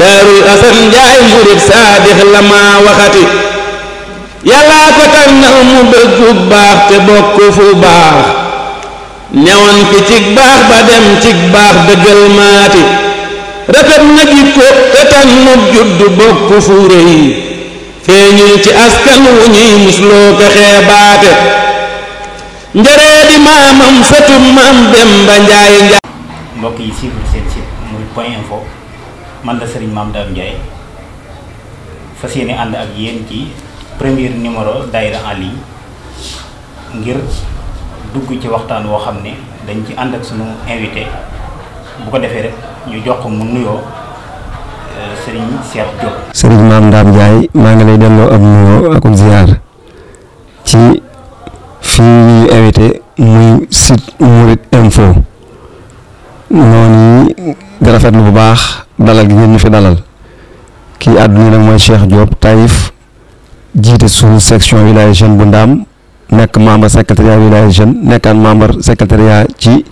daarul asan njaay murit saadix la maa waxati yàllaa ko tànnal mu bëggu baax te bokk fu baax newoon ki cig baax ba dem cig baax dëggal maati rafet na jikko te tànnub judd bokk fu rëy feeñul ci askan wu ñuy musloo ko xeebaate njëree di maamam sëtum maam dem ba njaay njaay man la Serigne Mame Dame Ndiaye fas yéene ànd ak yéen ci premier numéro daayira en ligne ngir dugg ci waxtaan woo xam ne dañ ci ànd ak sunu invité bu ko defee rek ñu jox ko mu nuyoo euh, Serigne Cheikh Diop. Serigne Mame Dame Ndiaye maa ngi lay delloo ab nuyoo akum ziar ci fii ñu invité muy site Mouride Info noonu ñu rafetlu bu baax. dalal gi ñu fi dalal ki aduna nak moy Cheikh Diop taif jité suñu section wilaya jeune bu ndam nek membre secrétariat wilaya jeune nekkaat membre secrétariat ci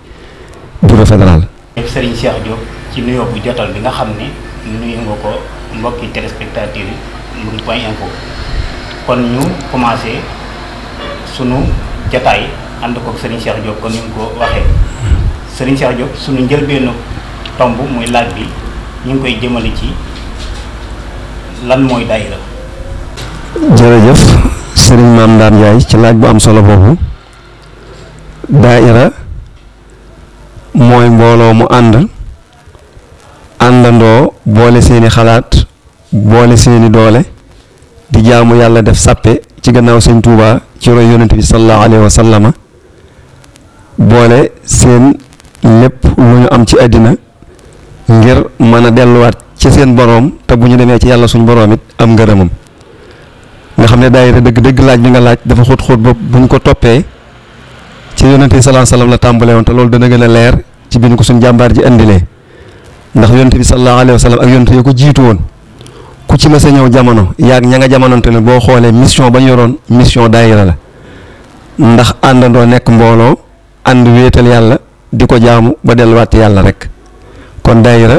bureau fédéral. Serigne Cheikh Diop ci nuyo bu jotal bi nga xam nuyo nga ko mbokki téléspectateur mu ngi point info kon ñu commencé sunu jataay and ko Serigne Cheikh Diop kon ñu ko waxee Serigne Cheikh Diop sunu njëlbeenu tomb muy laaj bi. ñu ngi koy jëmale ci lan Ndaan Ndiaye ci laaj bu am solo boobu daayira mooy mbooloo mu ànd àndandoo boole seeni xalaat boole seeni doole di jaamu yàlla def sàppe ci gannaaw sëñ Tuubaa ci roy yonent bi sallallahu alayhi wa sallama boole seen lépp lu ñu am ci àddina ngir mana a delluwaat ci seen borom te buñu ñu ci yalla suñu borom it am ngeeramum nga xamné ne daayira deug deug laaj bi nga laaj dafa xut xut bop buñ ko topé ci yonnati sallallahu alayhi wasallam la tambalé won te lolou da gën a leer ci biñ ko suñu jambar ji andilé ndax yonnati bi sallallahu alayhi wasallam ak yonnati yi ya ko jiitu woon ku ci ma sa ñëw jamono yaak ñanga nga jamonante bo xolé mission bañ yoron mission daayira la ndax andando nek mbolo and wétal yalla diko jaamu ba delu wat yalla rek kon daayira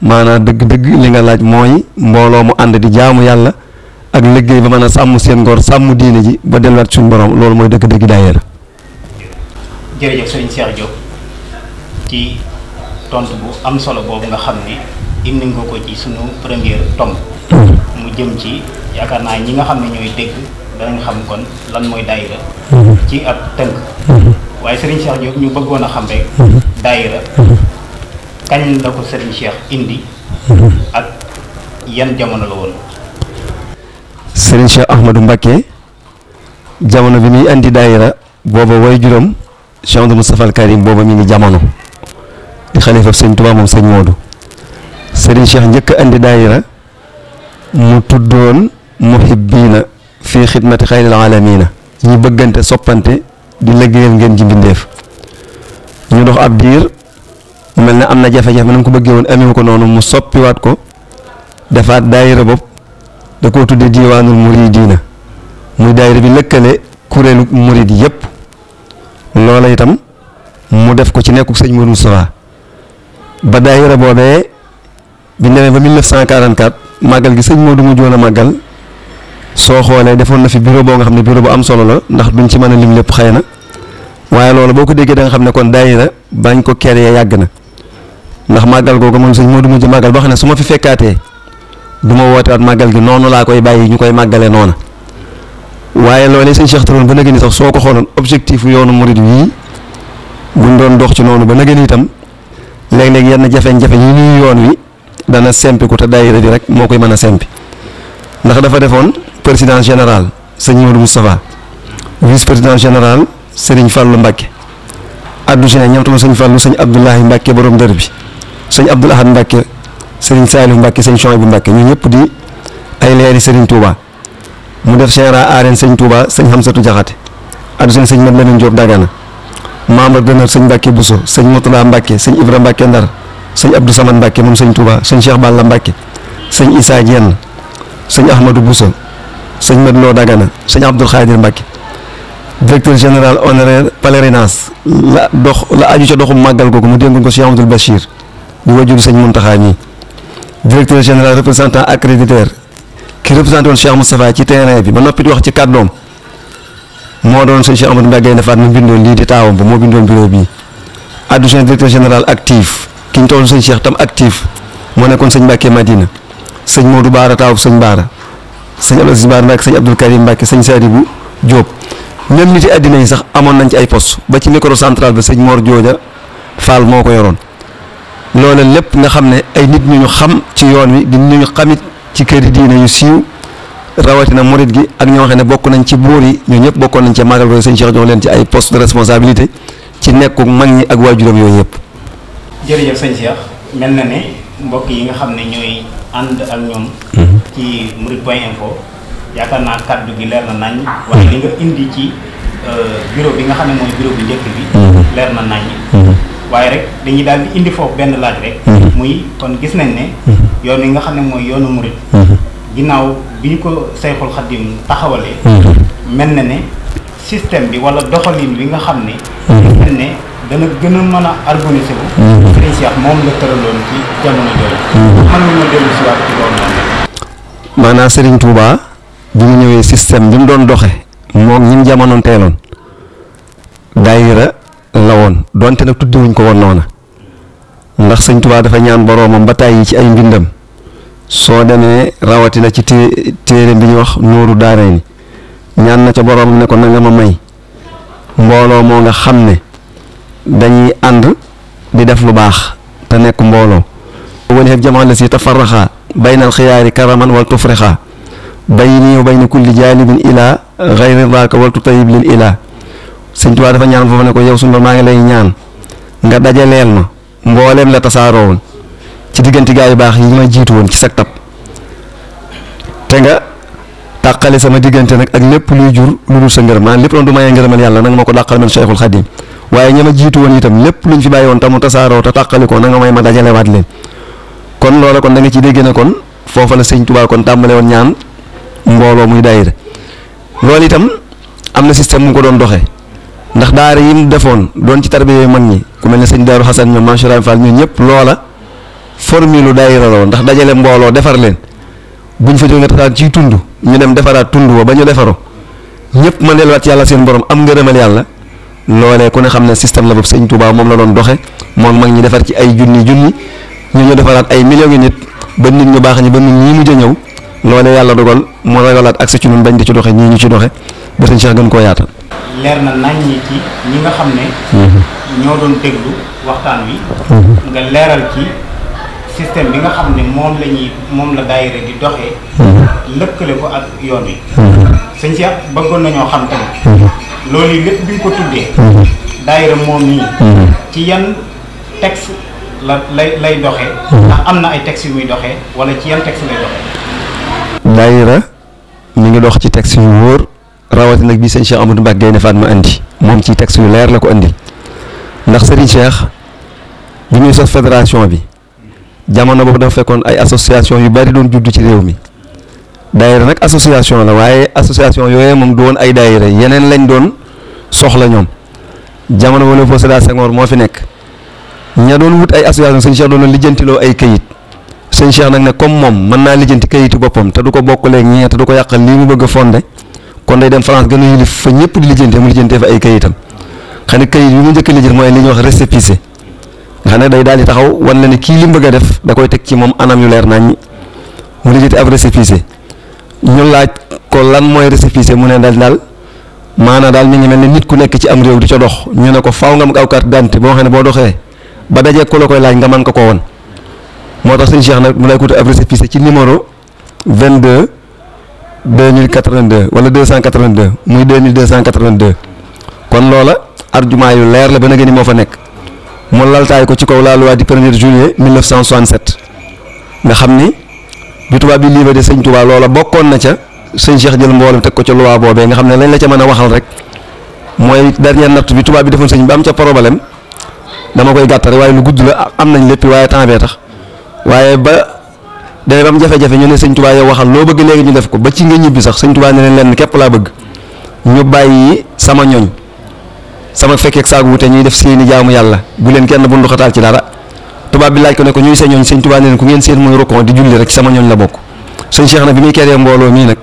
maanaa dëgg-dëgg li nga laaj mooy mbooloo mu ànd di jaamu yàlla ak liggéey ba mën a sàmm seen ngor sàmm diine ji ba delluwaat suñu borom loolu mooy dëgg-dëgg daayira. jërëjëf sëriñ Cheikh Diop ci tontu bu am solo boobu nga xam ni indi nga ko ci hmm. ci ñi nga xam ne ñooy dégg danañ xam kon lan mooy daayira. Hmm. ci ab tënk. Hmm. waaye sëriñ Cheikh Diop ñu bëggoon a xam rek. daayira. kañ la ko sëriñ Cheikh indi ak yan jamono la woon sëriñ Cheikh Ahmadou Mbacké jamono bi muy andi daayira booba way juróom Cheikh Amadou Moustapha Karim booba mi ngi jamono di xalifa sëñ Tuubaa moom Moodu sëriñ Cheikh njëkk andi daayira mu tuddoon muhibbiina fii xidmati xayril aalamiina ñu bëggante soppante di liggéeyal ngeen ji mbindéef ñu dox ab diir mu mel na am na jafe-jafe na mu ko bëggee woon amewu ko noonu mu soppiwaat ko defaat daayira bopp da koo tudde diiwaanul muridiina muy daayira bi lëkkale kuréelu murid yépp loola itam mu def ko ci nekkuk sëñ Mourou Moustapha ba daayira boobee bi ñu demee ba 1944 màggal gi sëñ Modou mu joon a màggal soo xoolee defoon na fi bureau boo nga xam ne bureau bu am solo la ndax duñ ci mën a lim lépp xëy na waaye loolu boo ko déggee da nga xam ne kon daayira bañ ko créer yàgg na ndax magal googu moom seigne Modou mujj magal wax ne su fi fekkate duma ma wootewaat màggal gi nonu la koy bàyyi ñu koy màggale noona waaye loolee sëñ Cheikh Taloon ba nag ni sax soko xolon objectif yoonu murid yii bu ndon dox ci nonu ba nag ni itam leg yenn jafé jafé yi ñuy yoon wi dana sempi ku ta daayira di rek moo koy sempi ndax dafa defoon président général seigne Modou mustapha vice président général seigne Fallou Mbacke addu ci ne ñoom tamit Fallou seigne Abdoulahi Mbacke borom dër bi. sëñ Abdoul Ahad Mbacke sëriñ Salif Mbacke sëñ Chouaïbou Mbacke ñu ñëpp di ay leeri sëriñ Touba mu def général aareen sëñ Touba sëñ Hamsatu Jaxate addu sëñ Mat Lamin Jóob Dagana membre d'honneur sëñ Mbacke Bousso sëñ Moutala Mbacke sëñ Ibra Mbacke Ndar sëñ Abdou Samad Mbacke moom sëñ Touba sëñ seex Balla Mbacke sañ Issa Diène sëñ Ahmadou Bousso sëñ Madlo Dagana sañ Abdoul Khadir Mbacke directeur général honoraire pèlerinage la dox la aju ca doxum màggal mu ko di wajuru sëñ Mountakha ñi directeur général représentant accréditeur ki représenté woon Cheikh Moustapha ci terrain bi ba noppi di wax ci kàddoom moo doon sëñ Cheikh Amadou Mbaye Gaynde mu bindoon lii di taawam ba moo bindoon bureau bii adjoint directeur général actif ki ñu toll sëñ Cheikh tam actif moo nekkoon sëñ Mbacke Madina sëñ Modou Baara taawam sëñ Baara sëñ Abdou Aziz Baara Mbacke sëñ Abdoul Karim Mbacke sëñ bu jóob ñoom nit yi àddina yi sax amoon nañ ci ay poste ba ci micro central bi sëñ Mor Jooja Fall moo ko yoroon. loola lépp nga xam ne ay nit ñu ñu xam ci yoon wi di ñu ñu xamit ci këri diine yu siiw rawatina murit gi ak ñoo xam ne bokk nañ ci buur yi ñoo ñëpp bokkoon nañ ci màggal ko sëñ Cheikh jox leen ci ay poste de responsabilité ci nekku mag ñi ak waajuram yooyu yëpp. jërëjëf sëñ Cheikh mel na ne mbokk yi nga xam ne ñooy ànd ak ñoom. Mhm. ci murit point info yaakaar naa kàddu gi leer na nañ. waaye li nga indi ci euh, bureau bi nga xam ne mooy bureau bu njëkk bi. Mhm. waaye rek dañuy daal di indi foofu benn laaj rek. Mhm. muy kon gis nañ ne. Mhm. yoon yi nga xam ne mooy yoonu murit. Mhm. ginnaaw bi ñu ko sayxul xadim taxawalee. mel na ne système bi wala doxalin bi nga xam ne. gis ne dana gën a mën a organiser wu. Sëriñ bi mu ñëwee système bi mu doon doxe moom ñi mu jamono teeloon la woon donte nag tuddiwuñ ko woon noona ndax sëñ Tuubaa dafa ñaan boroomam ba tàyyi ci ay mbindam soo demee rawatina ci té téere bi ñuy wax Nuuru Daarayni ñaan na ca boroomam ne ko na nga ma may mbooloo moo nga xam ne dañuy ànd di def lu baax te nekk mbooloo wani xeb jamaa la si tafarraxaa baynal xiyaari karaman wal tufrixaa bayni wa bayni kulli jaalibin ilaa xayri daaka wal tutayib lil ilaa sëñ Tuubaa dafa ñaan foofu ne ko yow suñu maa ngi lay ñaan nga dajaleel ma mbooleem la tasaaroo woon ci diggante gaa yi baax yi ma jiitu woon ci sag tab te nga tàqale sama diggante nag ak lépp luy jur lu dul sa ngërëm maa lépp loon du mayee ngërëmal yàlla nag ma ko dàqal man Cheikhul Khadim waaye ña ma jiitu woon itam lépp luñ fi bàyyi woon tamu tasaaroo te tàqali ko na may ma dajalewaat leen kon loola kon da ci dégg ne kon foofa la sëñ Tuubaa kon tàmbale woon ñaan mbooloo muy daayira loolu itam am na système mu ko doon doxee ndax daara yi mu defoon doon ci tarbiya man ñi ku mel ne sëñ Daaru Xasan ñoom Maam Cheikh Ibra ñun ñëpp loola formule lu daayira la woon ndax dajale mbooloo defar leen buñ fa jógee tataan ciy tund ñu dem defaraat tund wa ba ñu defaroo ñëpp mën delluwaat yàlla seen borom am ngërëmal yàlla loolee ku ne xam ne système la boobu sëñ Touba moom la doon doxe moo mag ñi defar ci ay junni junni ñu ñu defaraat ay millions yi nit ba nit ñu baax ñi ba nit ñi mujj a ñëw loolee yàlla dogal mu ragalaat accès ci ñun bañ di ci doxe ñii ñu ci doxe ba sëñ Cheikh gën koo yaatal leer na nañ ñi ci ñi nga xam ne mhm. ñoo doon déglu waxtaan wi mhm. nga leeral ci système bi nga xam ne moom lañuy moom la daayira di doxe mhm. lëkkale ko ak yoon wi sëñ bëggoon nañoo xam tamit loolu yi lépp bi nga ko tuddee daayira moom nii ci yan texte la lay lay doxee ndax am na ay texte yu muy doxe wala ci yan texte lay doxee daayira mi ngi dox ci texte yu wóor rawati nag bi sëñ Cheikh Amadou Mbacke Gaynde Fatma andi moom ci texte yu leer la ko andi ndax Serigne Cheikh bi muy sos fédération bi jamono boobu dafa fekkoon ay association yu bari doon judd ci réew mi daayira nag association la waaye association yooyee moom du woon ay daayira yeneen lañ doon soxla ñoom jamono wala foo Sédar Senghor moo fi nekk ña doon wut ay association sëñ Cheikh doon lijjantiloo ay kayit sëñ Cheikh nag ne comme moom mën naa lijjanti këyitu boppam te du ko bokk léegi ñee te du ko yàq lii mu bëgg a fondé kon day dem France gën a yilif fa ñëpp di lijjante mu lijjante fa ay kayitam xanaa kayit yu mu njëkk a mooy li ñu wax récépissé nga xam ne day daal di taxaw wan la ne kii li mu bëgg def da koy teg ci moom anam yu leer naññi mu lijjati ab récépissé ñu laaj ko lan mooy récépissé mu ne daal daal maanaam daal ñu ngi mel ne nit ku nekk ci am réew di ca dox ñu ne ko faaw nga am aw carte d'identité boo xam ne boo doxee ba dajee ku la koy laaj nga man ko ko woon moo tax suñu Cheikh nag mu lay ko ab ci numéro 22. deux mille wala deux cent quatre vingt deux muy deux mille deux cent quatre vingt deux kon loola arjumaa yu leer la ba nga ni moo fa nekk mu laltaay ko ci kaw la loi du premier juillet mille neuf cent soixante nga xam ni bi tubaab bi libéré sëñ Tuubaa loola bokkoon na ca sëñ Cheikh jël mboolem teg ko ca loi boobee nga xam ne lañ la ca mën a waxal rek mooy dernière natt bi tubaab bi defoon sëñ bi am ca problème dama koy gàttare waaye lu gudd la am nañ lépp waaye temps bee tax waaye ba. demee ba mu jafe-jafe ñu ne sëñ Tuubaa yow waxal loo bëgg léegi ñu def ko ba ci nga ñibbi sax sëñ Tuubaa ne leen lenn képp laa bëgg ñu bàyyi sama ñoñ sama fekkeek saagu wute ñuy def seeni jaamu yàlla bu leen kenn bundu xataal ci dara tubaab bi laaj ne ko ñuy sa ñooñ sëñ Tuubaa ne leen ku ngeen seen mooy rokon di julli rek sama ñooñ la bokk sëñ Cheikh na bi muy keree mbooloo mii nag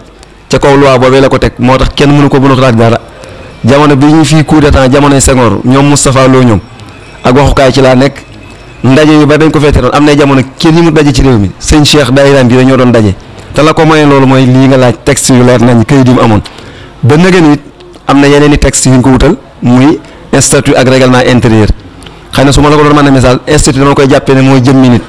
ca kaw loi boobee la ko teg moo tax kenn mënu ko bundu xataal dara jamono bi ñu fii coup d'état jamonoy Senghor ñoom Moustapha Lo ñoom ak waxukaay ci laa nekk ndaje yi bari dañ ko feete doon am na jamono kenn ñi mu daje ci réew mi sëñ Cheikh daayiraam bi dañoo doon daje te la ko maye loolu mooy lii nga laaj texte yu leer nañ këyit yu mu amoon ba nëgën am na yeneen i texte yu ñu ko wutal muy statut ak règlement intérieur xëy na su ma la ko doon mën a misaal institut dama koy jàppee ne mooy jëmmi nit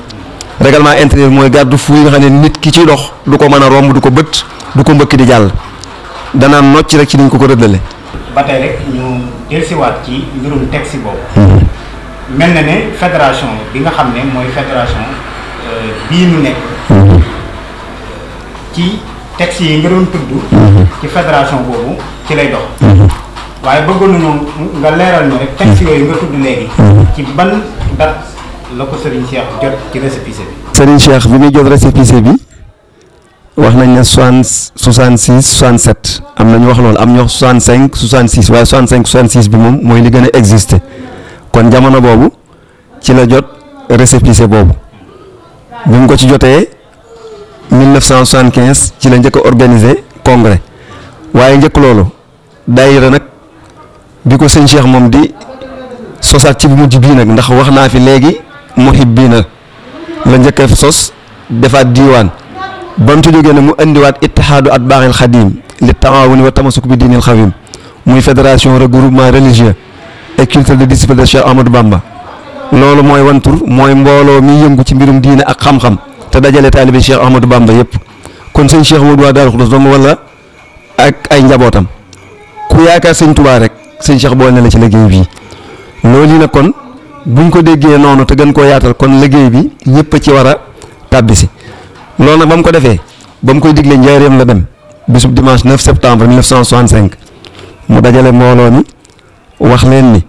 règlement intérieur mooy garde fou yi nga xam ne nit ki ci dox du ko mën a romb du ko bët du ko mbëkk di jàll danaa nocc rek ci niñ ko ko rëddale ba tey rek ñu dellusiwaat ci mbirum mel na ne fédération bi nga xam ne mooy fédération euh, bii nu nekk mhm. ci texte yi nga doon tudd mhm. ci fédération boobu ci lay dox mhm. waaye bëggoon nañu nga leeral ñu rek texte yooyu nga tudd léegi ci ban date la ko Serigne Cheikh jot ci récépissé bi Serigne Cheikh bi muy jot récépissé bi wax nañ ne soixante soixante six soixante sept am na ñu wax loolu am ñu wax soixante cinq soixante six waaye soixante cinq soixante six bi moom mooy li gën a existé kon jamono boobu ci la jot récépissé boobu bi mu ko ci jotee 1975 ci la njëkk a organisé congrès waaye njëkk loolu daayira nag bi ko sëñ Cheikh moom di sosaat ci bu mujj bii nag ndax wax naa fi léegi muhib bii na la njëkk sos defaat diiwaan ba mu ci jógee ne mu indiwaat ittihaadu at baaxil xadiim li taawuni wa tamasuk bi diinil xawim muy fédération regroupement religieux et culturel de disciple de Cheikh Ahmadou Bamba loolu mooy wantur mooy mbooloo mi yëngu ci mbirum diine ak xam-xam te dajale taalibe Cheikh Ahmadou Bamba yëpp kon sëñ Cheikh Modou waa Daaru Xudoos doomu wala ak ay njabootam ku yaakaar sëñ Tuubaa rek sëñ Cheikh boo na la ci liggéey bii loolu ne kon buñ ko déggee noonu te gën koo yaatal kon liggéey bi ñëpp ci war a tàbbisi loolu nag ba mu ko defee ba mu koy digle njaareem la dem bisub dimanche 9 septembre 1965 mu dajale mbooloo mi. wax leen ni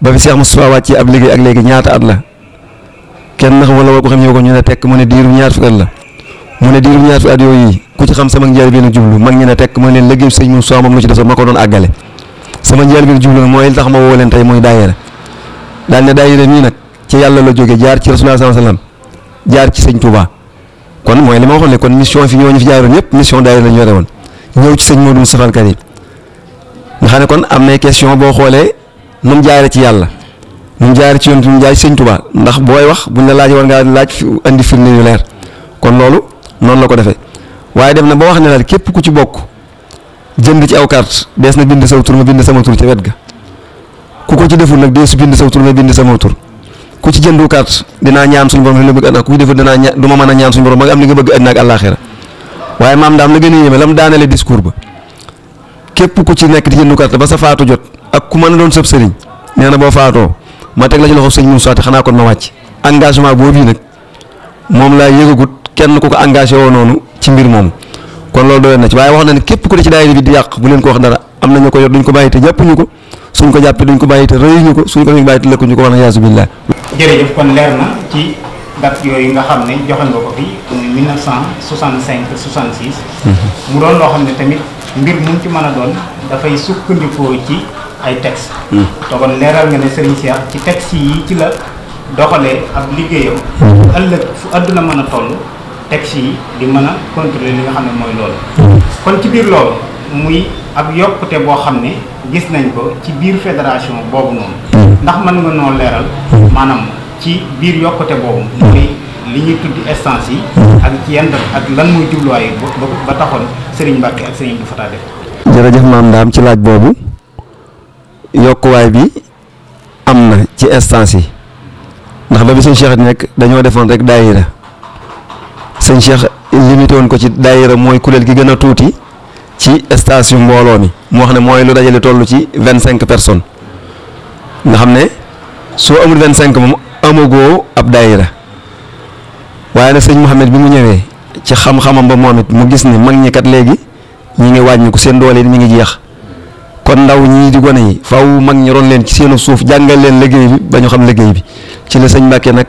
ba fi Cheikh Moustapha wàccee ab liggéey ak léegi ñaata at la kenn nax wala woo ko xam ko ñu ne tekk mu ne diirum ñaar fukki at la mu ne diirum ñaar fukki at yooyu ku ci xam sama njëriñ bi nag jublu mag ñi ne tekk mu ne leen liggéey sëñ Moustapha moom lu ci desoon ma ko doon àggale sama njëriñ bi nag jublu mooy li tax ma woo leen tey mooy daayira daal ne daayira mii nag ci yàlla la jóge jaar ci Rasulullah sallallahu alayhi wasallam jaar ci sëñ Touba kon mooy li ma waxoon ne kon mission fi ñoo ñu fi jaaroon ñëpp mission daayira xam kon am na question boo xoolee nu mu jaare ci yàlla nu mu jaare ci yoon nu mu jaare ci sëñ Tuubaa ndax booy wax buñ la laaj war ngaa laaj andi firnde yu leer kon loolu noonu la ko defee waaye dem na ba wax ne la képp ku ci bokk jënd ci aw carte dees na bind saw tur ma bind sama tur ca wet ga ku ko ci deful nag deesu bind saw tur nga bind sama tur ku ci jëndu carte dinaa ñaan suñu borom li nga bëgg àdduna ku ci mën a ñaan suñu borom ba nga am li nga bëgg àdduna ak àllaaxira waaye maam daam la gën a yéeme la mu daanelee discours ba. képp ku ci nekk di jëndu carte ba sa faatu jot ak ku mën a doon sëb sëriñ nee na boo faatoo ma teg la ci loxo sëñ Moussa te xanaa kon ma wàcc engagement boobu yi nag moom laa yëgagut kenn ku ko engagé woo noonu ci mbir moom kon loolu doyoon na ci waaye wax na ne képp ku ne ci daayira bi di yàq bu leen ko wax dara am na ñu ko yor duñ ko bàyyi te jàppuñu ko suñ ko jàppee duñ ko bàyyi te rëyuñu ko suñ ko duñ bàyyi te lëkkuñu ko wala na ci date yooyu nga xam ne joxe nga ko fi muy 1965 66. Mhm. mu doon loo xam mbir mu ci mën a doon dafay sukkandikoo ci ay texte hmm. te kon leeral nga ne Serigne Cheikh ci texte yi ci la doxalee ab liggéeyam hmm. ëllëg fu àdduna mën a toll texte yi di mën a contrôler li nga xam ne mooy loolu hmm. kon ci biir loolu muy ab yokkute boo xam ne gis nañ ko ci biir fédération boobu noonu ndax mën nga noo leeral maanaam ci biir yokkute boobu mooy li ñuy tuddi estance yi ak ci yenn ak lan mooy jubluwaay ba taxoon Serigne Mbacke ak maam Ndaam ci laaj boobu yokkuwaay bi am na ci instance yi ndax ba bi sëñ Cheikh nekk dañoo defoon rek daayira sëñ Cheikh limité ko ci daayira mooy kuréel gi gën a tuuti ci yu mbooloo mi mu wax ne mooy lu dajale toll ci vingt cinq personnes nga xam ne soo amul vingt cinq moom amagoo ab dayira waaye nag sëñ Mouhamed bi mu ñëwee ci xam-xamam ba moom it mu gis ni mag ñi kat léegi ñi ngi wàññiku seen doole yi mi ngi jeex kon ndaw ñii di gone yi faaw mag ñi ron leen ci seenu suuf jàngal leen liggéey bi ba ñu xam liggéey bi ci la sëñ Mbàkke nag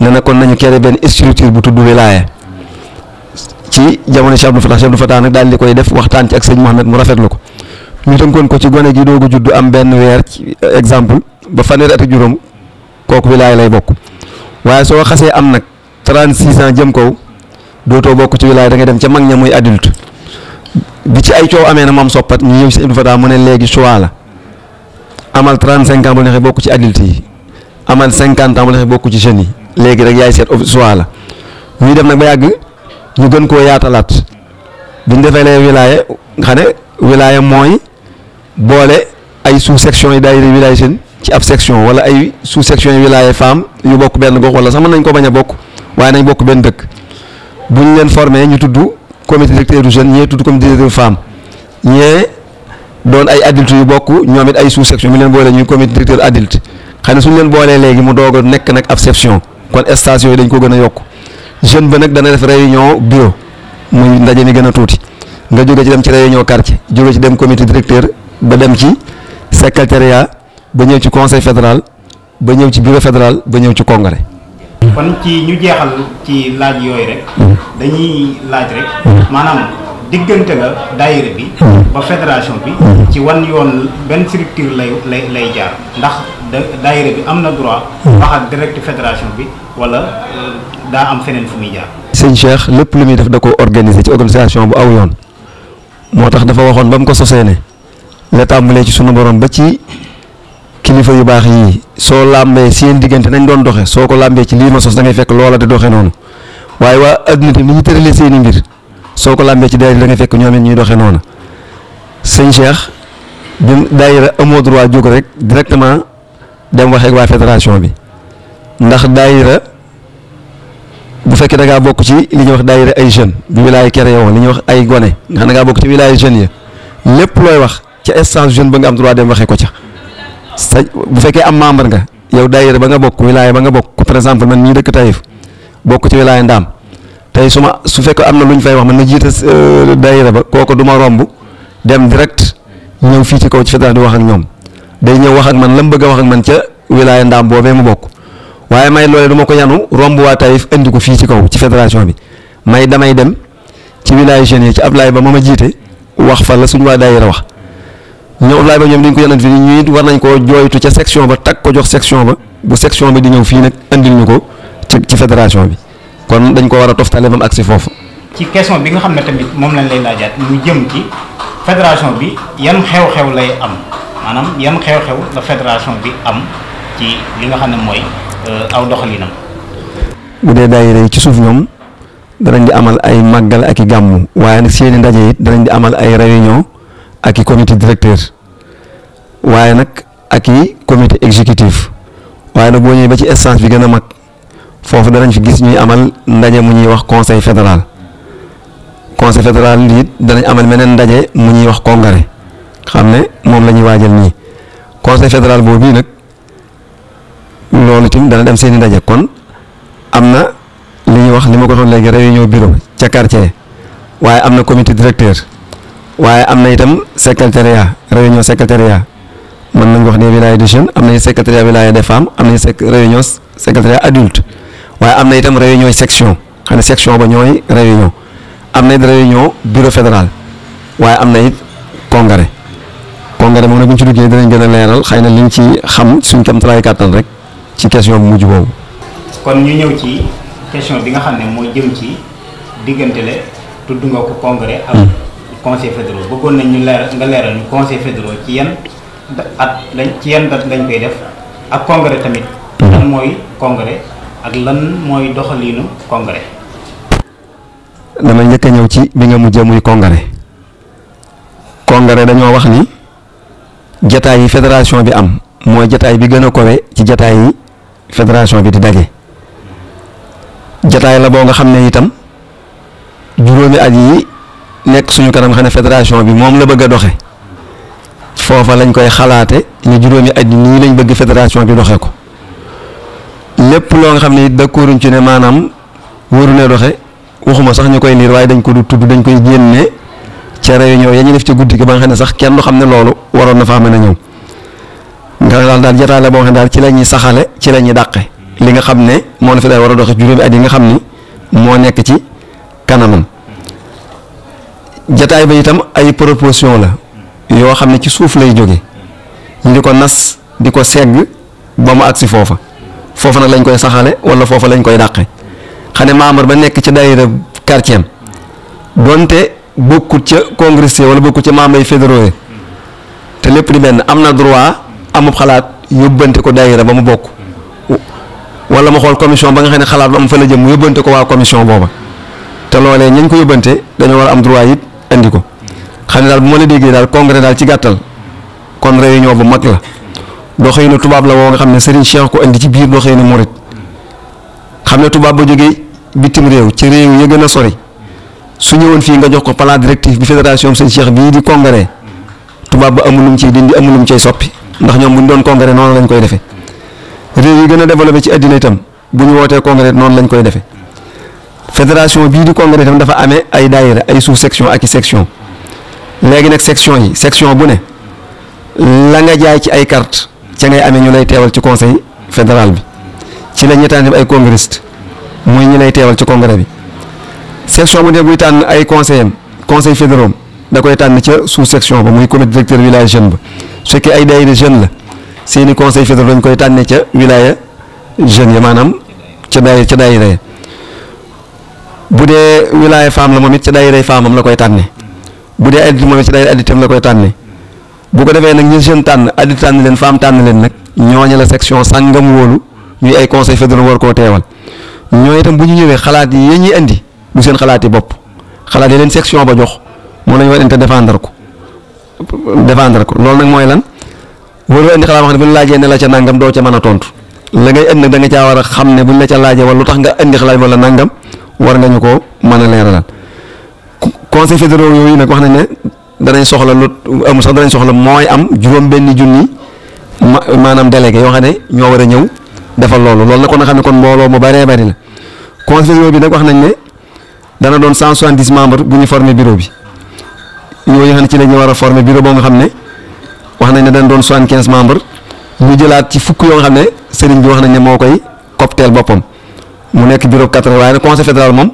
ne na kon nañu kere benn structure bu tudd wilaaya ci jamono Cheikh Abdou Fatah Cheikh fa Fatah nag daal di koy def waxtaan ci ak sëñ Mohamed mu rafet lu ko ñu tënkoon ko ci gone gi doogu juddu am benn weer ci euh, exemple ba fanweeri at ak juróom kooku wilaaya lay bokk waaye soo xasee am nag 36 ans jëm kaw. dootoo bokk ci wilaaya dangay dem ca mag ña muy adulte bi ci ay coow amee na moom soppat ñu ñëw si Abdou Fatah mu ne léegi choix la amal 35 ans bu neexee bokk ci adulte yi amal 50 ans bu neexee bokk ci jeunes yi léegi rek yaay seet choix la ñuy def nag ba yàgg ñu gën koo yaatalaat bi ñu defee lee wilaaya xam ne wilaaya mooy boole ay sous section yi daayira wilaaya seen ci ab section wala ay sous section yi wilaaya femme yu bokk benn gox wala sax mën nañ ko bañ a bokk waaye nañ benn dëkk. bu ñu leen formé ñu tudd comité directeur jeune ñee tudd comité directeur femme ñee doon ay adulte yu bokk ñoom it ay sous section mu leen boolee ñuy comité directeur adulte xëy na su ñu leen boolee léegi mu doog a nekk nag ab section kon stage yooyu dañ ko gën a yokk jeune ba nag dana def réunion bureau muy ndaje mi gën a tuuti nga jóge ci dem ci réunion quartier jóge ci dem comité directeur ba dem ci secrétariat ba ñëw ci conseil fédéral ba ñëw ci bureau fédéral ba ñëw ci congrès kon ci ñu jeexal ci laaj yooyu rek hmm. dañuy laaj rek hmm. maanaam diggante la daayira bi hmm. ba fédération bi ci wan yoon benn structure lay lay lay jaar ndax daayira bi am na droit wax ak direct fédération bi wala euh, daa am feneen fu muy jaar sëñ Cheikh lépp lu muy def da ko organiser ci organisation bu aw yoon moo tax dafa waxoon ba mu ko sosee ne la tàmbalee ci sunu borom ba ci kilifa yu baax yii soo làmbee seen diggante nañ doon doxe soo ko làmbee ci lii ma sos da ngay fekk loola di doxe noonu waaye waa adduna tamit ni ñu tëralee seen i mbir soo ko làmbee ci daayira da ngay fekk ñoom it ñuy doxee noonu sëñ Cheikh bi daayira amoo droit jóg rek directement dem waxee ak waa fédération bi ndax daayira bu fekkee da ngaa bokk ci li ñuy wax daayira ay jeunes bi wilaay kere yoon li ñuy wax ay gone nga xam da bokk ci wilaay jeunes ya lépp looy wax ca instance jeune ba nga am droit dem waxee ko ca. sa bu fekkee am membre nga day daayira ba nga bokk wilaaya ba nga bokk par exemple man mii dëkk Taïf bokk ci wilaaya Ndaam tey su ma su fekkee am na lu ñu fay wax man na jiite euh, daayira ba kooku du romb dem direct ñëw fii ci kaw ci fédéral di wax ak ñoom day ñëw wax ak man la bëgg a wax man ca wilaaya Ndaam boobee mu bokk waaye may loolee du ko yanu romb waa Taïf indi ko fii ci kaw ci fédération bi may damay dem ci wilaaya jeunes yi ci Ablaye ba ma ma jiite wax fa la suñu waa daayira wax. ñoom laay ba ñoom dañ ko yéen a fii ñu war nañ koo jooytu ca section ba tag ko jox section ba bu section bi di ñëw fii nag andil ñu ko ci ci fédération bi kon dañ ko war a toftale bam agsi foofu. ci question bi nga xam ne tamit moom lañ lay laajaat mu jëm ci fédération bi yan xew-xew lay am maanaam yan xew-xew la fédération bi am ci li nga xam ne mooy euh, aw doxalinam. bu dee daayira yi ci suuf ñoom danañ di amal ay màggal ak i gàmmu waaye nag seeni ndaje it danañ di amal ay réunion ak i comité directeur waaye nag ak i comité exécutif waaye nag boo ñëwee ba ci instance bi gën a mag foofu danañ fi gis ñuy amal ndaje mu ñuy wax conseil fédéral conseil fédéral lii danañ amal meneen ndaje mu ñuy wax congrès xam ne moom la ñuy waajal nii conseil fédéral boobu nag loolu itam dana dem seen ndaje kon am na li ñuy wax li ma ko waxoon léegi réunion bureau ca quartier waaye am na comité directeur. waaye am na itam secrétariat réunion secrétariat mën nañ wax ne wilaya des jeunes am nañu secrétariat wilaya des femmes am nañu sec réunion secrétariat adulte waaye am na itam réunion section xam ne section ba ñooy réunion am na it réunion bureau fédéral waaye am na it congrès congrès moom nag bu ñu ci duggee dinañ gën a leeral xay na liñ ci xam suñ kam talaay kàttan rek ci question bu mujj boobu. kon ñu ñëw ci question bi nga xam ne moo jëm ci diggante le tudd nga ko congrès conseil fédéraux bëggoon nañ ñu leer nga leeral ñu conseil fédéraux ci yan at lañ ci yan date lañ koy def ak congrès tamit mhm. lan mooy congrès ak lan mooy doxaliinu congrès dama njëkk ñëw ci bi nga mujjee muy congrès congrès dañoo wax ni jataay yi fédération bi am mooy jataay bi gën a kowe ci jataay yi fédération bi di daje jataay la boo nga xam ne itam juróomi at yi nekk suñu kanam xam ne fédération bi moom la bëgg a doxe foofa lañ koy xalaate ñu juróomi at nii lañ bëgg fédération bi doxe ko lépp loo nga xam ne dëkkooruñ ci ne maanaam wóoru ne doxe waxuma sax ñu koy niir waaye dañ ko du tudd dañ koy génne ca réunion ya ñu def ci guddi gi ba nga xam ne sax kenn du xam ne loolu waroon na faa mën a ñëw nga xam ne daal daal jotaale boo xam ne daal ci la ñuy saxale ci la ñuy dàqe li nga xam ne moom la fi daal war a doxe juróomi at yi nga xam ni moo nekk ci kanamam jataay ba itam ay proposition la yoo xam ne ci suuf lay jóge ñu di ko nas di ko segg ba mu agsi foofa foofa nag lañ koy saxale wala foofa lañ koy dàqe xane membre ba nekk ci daayira quartier donte bokkut ca congrès wala bokkut ca membre yi fédéraux te lépp di benn am na droit amub xalaat yóbbante ko daayira ba mu bokk wala ma xool commission ba nga xam ne xalaat ba am fa la jëm mu yóbbante ko waa commission booba te loolee ñañ ko yóbbante dañoo war am droit andi ko xam ne daal bu ma la déggee daal congrès daal ci gàttal kon réunion bu mag la doo xëy na tubaab la woo nga xam ne Serigne Cheikh ko andi ci biir doo xëy na Mouride xam ne tubaab ba jógee bitim réew ci réew ya gën a sori su ñëwoon fii nga jox ko plan directif bi fédération Serigne Cheikh bii di congrès tubaab ba amul lu mu dindi amul lu mu ciy soppi ndax ñoom bu ñu doon congrès noonu lañ koy defee réew yi gën a développé ci àddina itam bu ñu wootee noonu lañ koy defee. fédération bii di congrès tam dafa amee ay daayira ay sous section ak i section léegi nag section yi section bu ne la nga jaay ci ay carte ca ngay amee ñu lay teewal ci conseil fédéral bi ci la ñuy tànn ay congressiste mooy ñi lay teewal ci congrès bi section bu ne buy tànn ay conseil am conseil fédéral da koy tànn ca sous section ba muy comme directeur village jeune ba su fekkee ay daayira jeune la seeni conseil fédéral dañ koy tànne ca wilaya jeune ya maanaam ca daay ca daayira ya bu dee wilaaye femme la moom it ci daayira femme am la koy tànne bu dee addit moom it ci daayira additam la koy tànne bu ko defee nag ñu seen tànn addit tànn leen femme tànn leen nag ñooñu la section sàngam wóolu ñuy ay conseil fédéral war koo teewal ñooñu itam bu ñu ñëwee xalaat yi yéen ñu indi du seen xalaat yi bopp xalaat yi leen section ba jox moom la ñu war inte défendre ko défendre ko loolu nag mooy lan waroo indi xalaat wax ne bu ñu laajee ne la ca nangam doo ca mën a tontu la ngay indi nag da nga a xam ne bu ñu la laajee wala lu tax nga indi xalaat walla nangam war nga ñu ko mën a leeralal conseil fédéral yooyu nag wax nañ ne danañ soxla lu amul sax danañ soxla mooy am juróom benn junni ma maanaam délégué yoo xam ne ñoo war a ñëw defal loolu loolu nag ko nga xam ne kon mbooloo mu bëree bëri la conseil fédéraux bi nag wax nañ ne dana doon 170 membres bu ñu former bureau bi ñooñu xam ne ci la ñu war a former bureau boo nga xam ne wax nañ ne dana doon 75 membres ñu jëlaat ci fukk yoo nga xam ne sëriñ bi wax nañ ne moo koy cocktail boppam mu nekk bureau quatre waaye nag conseil fédéral moom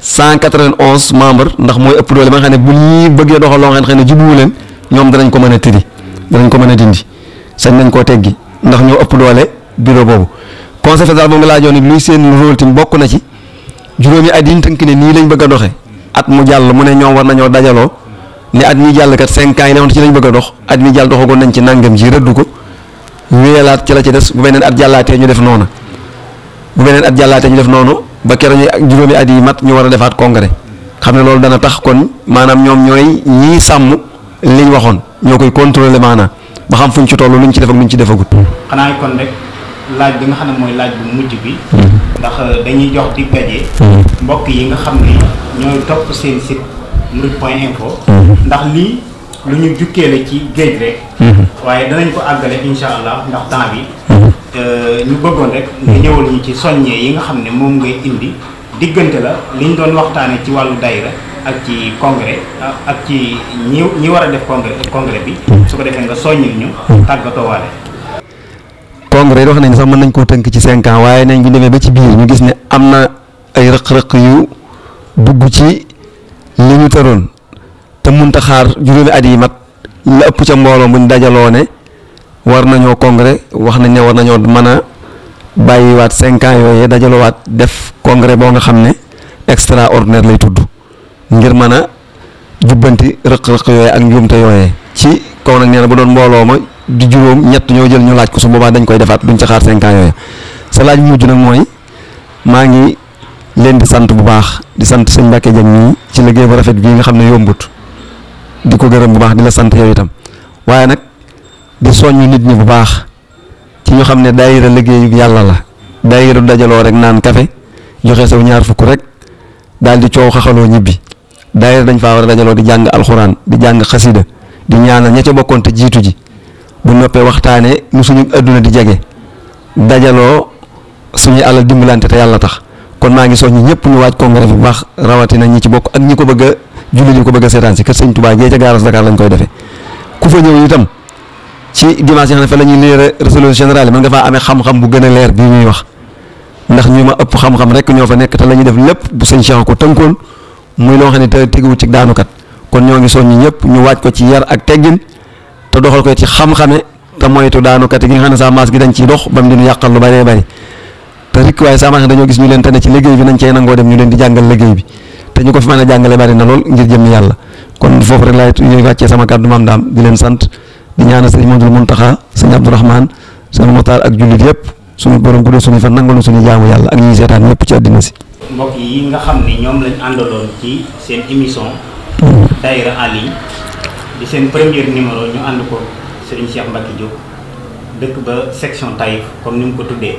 cent quatre vingt onze membres ndax mooy ëpp doole ba nga xam ne bu ñuy bëggee doxal loo xam ne jubluwu leen ñoom danañ ko mën a tëri danañ ko mën a dindi sañ nañ koo teggi ndax ñoo ëpp doole bureau boobu conseil fédéral moom la laajoon ni luy seen rôle tamit bokk na ci juróomi at yi ñu tënk ne nii lañ bëgg a doxe at mu jàll mu ne ñoom war nañoo dajaloo ne at mi jàll kat cinq ans yi newoon ci lañ bëgg dox at mi jàll doxagoon nañ ci nangam ji rëdd ko wéyalaat ci la ci des bu beneen at jàllaatee ñu def noona bu beneen at jàllaate ñu def noonu ba keroog ñuy juróomi at yi mat ñu war a defaat congrès xam ne loolu dana tax kon maanaam ñoom ñooy ñii sàmm liñ waxoon ñoo koy contrôler maanaam ba xam fuñ ci toll luñ ci def ak luñ ci defagut. xanaa kon rek laaj bi nga xam ne mooy laaj bu mujj bi. Mm-hmm. ndax euh, dañuy jox di daje. Mm-hmm. mbokk yi nga xam ne ñooy topp seen site murid point info. Mm-hmm. ndax lii lu ñu jukkee la ci géej rek. waaye danañ ko àggale incha allah ndax temps bi. Euh, ñu bëggoon rek nga hmm. ñëwal ñu ci soññee yi nga xam ne moom ngay indi diggante la liñ doon waxtaane ci wàllu dayra ak ci congrès ak ci ñi ñi war a def congrès bi hmm. su ko defee nga soññil ñu hmm. tàggatoo waale congrès wax nañ sax mën nañ koo tënk ci cinq ans waaye nañ ñu demee ba ci biir ñu gis ne am na ay rëq-rëq yu dugg ci li ñu tëroon te munta xaar juróomi at yi mat la ëpp ca mbooloo muñ dajaloo ne war nañoo congrès wax nañ ne war nañoo mën a bàyyiwaat cinq ans yooyu dajalowaat def congrès boo nga xam ne extraordinaire lay tudd ngir mën a jubbanti rëq-rëq yooyee ak njuumte yooyee ci kaw nag nee bu doon mbooloo ma di juróom ñett ñoo jël ñu laaj ko su boobaa dañ koy defaat duñ ci xaar cinq ans yooyee sa laaj mujj nag mooy maa ngi leen di sant bu baax di sant sëñ Mbacke Diagne nii ci liggéey bu rafet bii nga xam ne yombut di ko gërëm bu baax di sant yow itam di soññ nit ñi bu baax ci ñu xam ne daayira liggéeyu yàlla la daayira dajaloo rek naan kafe joxe sew ñaar fukk rek dal di coow xaxaloo ñibbi daayira dañ faa war a dajaloo di jàng alxuraan di jàng xasida di ñaanal ña ca bokkoon te jiitu ji bu noppee waxtaanee nu suñu adduna di jege dajaloo suñu alal dimbalante te yàlla tax kon maa ngi soññ ñëpp ñu waaj congrès bu baax rawatina ñi ci bokk ak ñi ko bëgg a julli ñi ko bëgg a seetaan si kër sëñ Touba lañ koy defee ci dimanche yi xam ne fa la ñuy lire résolution générale yi mën nga faa amee xam-xam bu gën a leer bi ñuy wax ndax ñu ma ëpp xam-xam rek ñoo fa nekk te la ñuy def lépp bu sëñ Cheikh ko tënkoon muy loo xam ne te teguwu ci daanukat kon ñoo ngi soon ñi ñëpp ñu waaj ko ci yar ak teggin te doxal ko ci xam-xame te moytu daanukat gi nga xam ne sa maas gi dañ ciy dox ba mu dinu yàqal lu bëree bëri te rikk waaye sa maas dañoo gis ñu leen tane ci liggéey bi nañ cey na lool ngir jëm yàlla kon foofu rek laay wàccee sama kàddu leen sant di ñaanal sëñ Modou Mountakha sëñ Abdourahmane sëñ Mokhtar ak jullit yëpp suñu borom guddal suñu fan nangal suñu jaamu yàlla ak ñi seetaan yëpp ci àddina si. mbokk yi nga xam ne ñoom lañ àndaloon ci seen émission. Hmm. Daïra en ligne di seen premier numéro ñu ànd ko Serigne Cheikh Mbacke Diop dëkk ba section Taïf comme ni mu ko tuddee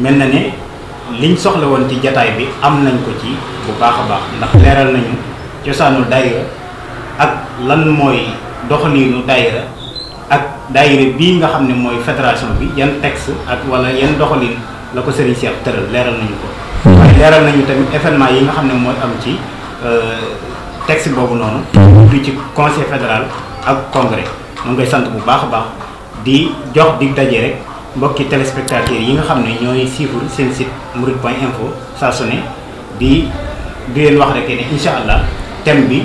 mel na ne liñ soxla woon ci jataay bi am nañ ko ci bu baax baax ndax leeral nañu cosaanu Daïra ak lan mooy doxaliinu Daïra. daayira bii nga xam ne mooy fédération bi yan texte ak wala yan doxalin la ko Serigne Cheikh tëral leeral nañu ko. Hmm. waaye leeral nañu tamit événement yi nga xam ne mooy am ci euh, texte boobu noonu. du hmm. ci conseil fédéral ak congrès mu ngay sant bu baax a baax di jox di daje rek mbokki téléspectateurs yi nga xam ne ñooy suivre seen sit mourides point info saa su ne di di wax rek ne incha allah thème bi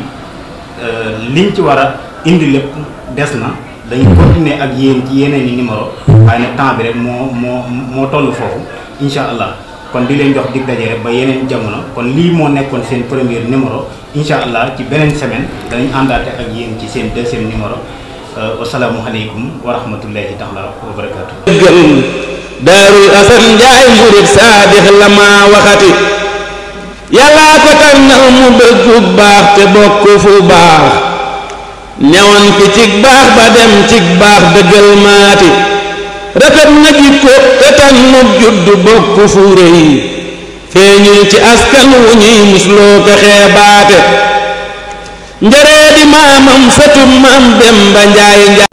euh, liñ ci war indi lépp des na. dañu continuer ak yéen ci yeneen i numéro waaye nag temps moo moo moo toll foofu incha allah kon di leen jox dig daje ba yeneen jamono kon lii moo nekkoon seen première numéro incha allah ci beneen semaine danañ àndaate ak yéen ci seen deuxième numéro euh, wasalaamualeykum wa rahmatullahi taala wa barakatu gëm daarul asan njaay murid saadix la maa waxati yàllaa ko tànnal mu bëggu baax te bokk fu baax newoon ki cig baax ba dem cig baax dëggal maati rafet na jikko te tànnub juddu bokk fuure yi feeñul ci askan wu ñuy musloo ko xeebaate njëree di maamam sëtum maam dem ba njaay njaay